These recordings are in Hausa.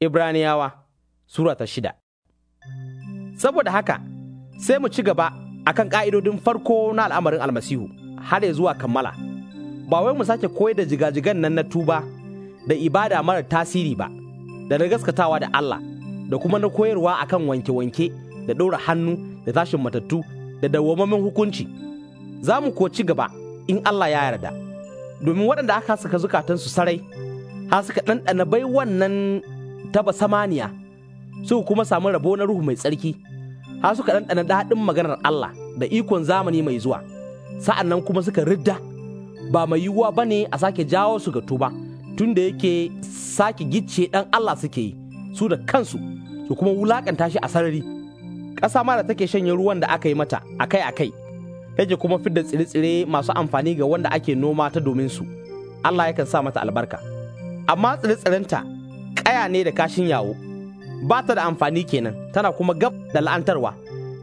Ibraniyawa Sura ta shida. Saboda haka, sai mu ci gaba a kan ƙa'idodin farko na al'amarin almasihu har ya zuwa kammala, ba wai mu sake koyar da jigajigan nan na tuba da ibada mara tasiri ba, da na gaskatawa da Allah, da kuma na koyarwa a kan wanke-wanke da ɗora hannu da tashin matattu da dawwamamin hukunci. Za mu ko ci gaba in Allah ya yarda, domin waɗanda aka saka zukatansu sarai, har suka ɗanɗana bai wannan ta samaniya su kuma samu rabo na ruhu mai tsarki har suka ɗanɗana daɗin maganar Allah da ikon zamani mai zuwa sa'an nan kuma suka ridda ba mai yiwuwa ba ne a sake jawo su ga tuba tun da yake sake gicce ɗan Allah suke yi su da kansu su kuma wulaƙanta shi a sarari ƙasa ma da take shanye ruwan da aka yi mata akai-akai take kuma fidda tsire-tsire masu amfani ga wanda ake noma ta domin su Allah yakan sa mata albarka amma tsire-tsirenta ƙaya ne da kashin yawo ba ta da amfani kenan tana kuma gab da la'antarwa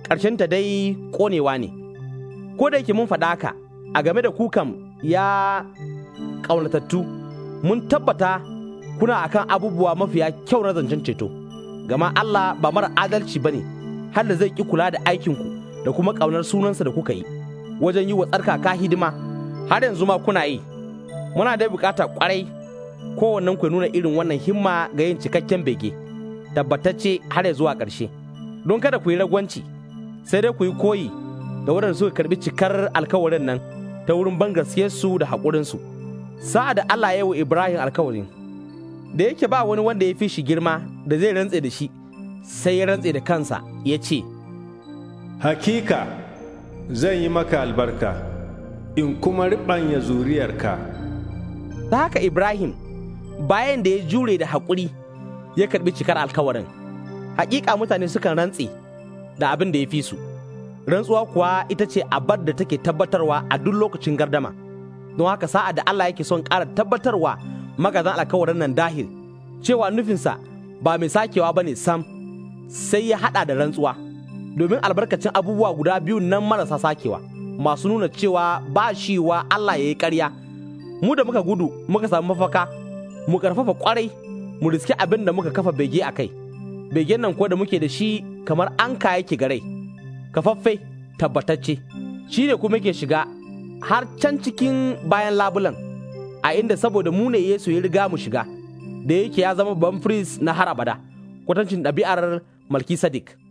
ta dai ƙonewa ne ko da yake mun faɗa haka a game da kukan ya ƙaunatattu mun tabbata kuna akan abubuwa mafiya kyau na zancen ceto gama Allah ba mara adalci ba ne har da zai ƙi kula da aikinku da kuma ƙaunar sunansa da kuka yi wajen yi wa tsarkaka hidima har yanzu ma kuna yi muna da bukata ƙwarai kowannen ku nuna irin wannan himma ga yin cikakken bege tabbatacce har ya zuwa ƙarshe don kada ku yi ragwanci sai dai ku yi koyi da waɗanda suka karɓi cikar alkawarin nan ta wurin ban su da haƙurinsu sa'a da Allah ya yi wa Ibrahim alkawarin da yake ba wani wanda ya fi shi girma da zai rantse da shi sai ya rantse da kansa ya ce hakika zan yi maka albarka in kuma riɓanya zuriyarka ta haka Ibrahim bayan da ya jure da haƙuri ya karɓi cikar alkawarin hakika mutane sukan rantse da abin da ya fi su rantsuwa kuwa ita ce abar da take tabbatarwa a duk lokacin gardama don haka sa'a da Allah yake son ƙara tabbatarwa magazan alkawarin nan dahil cewa nufinsa ba mai sakewa ba ne sam sai ya haɗa da rantsuwa domin albarkacin abubuwa guda biyu nan marasa sakewa masu nuna cewa ba shi wa Allah ya yi ƙarya mu da muka gudu muka samu mafaka mu karfafa kwarai mu riske abin da muka kafa bege a kai begen nan ko da muke da shi kamar an kaya ki garai kafaffe tabbatacce shi ne kuma ke shiga har can cikin bayan labulan a inda saboda mu ne Yesu ya riga mu shiga da yake ya zama ban na har abada kwatancin ɗabi'ar Malki Sadiq.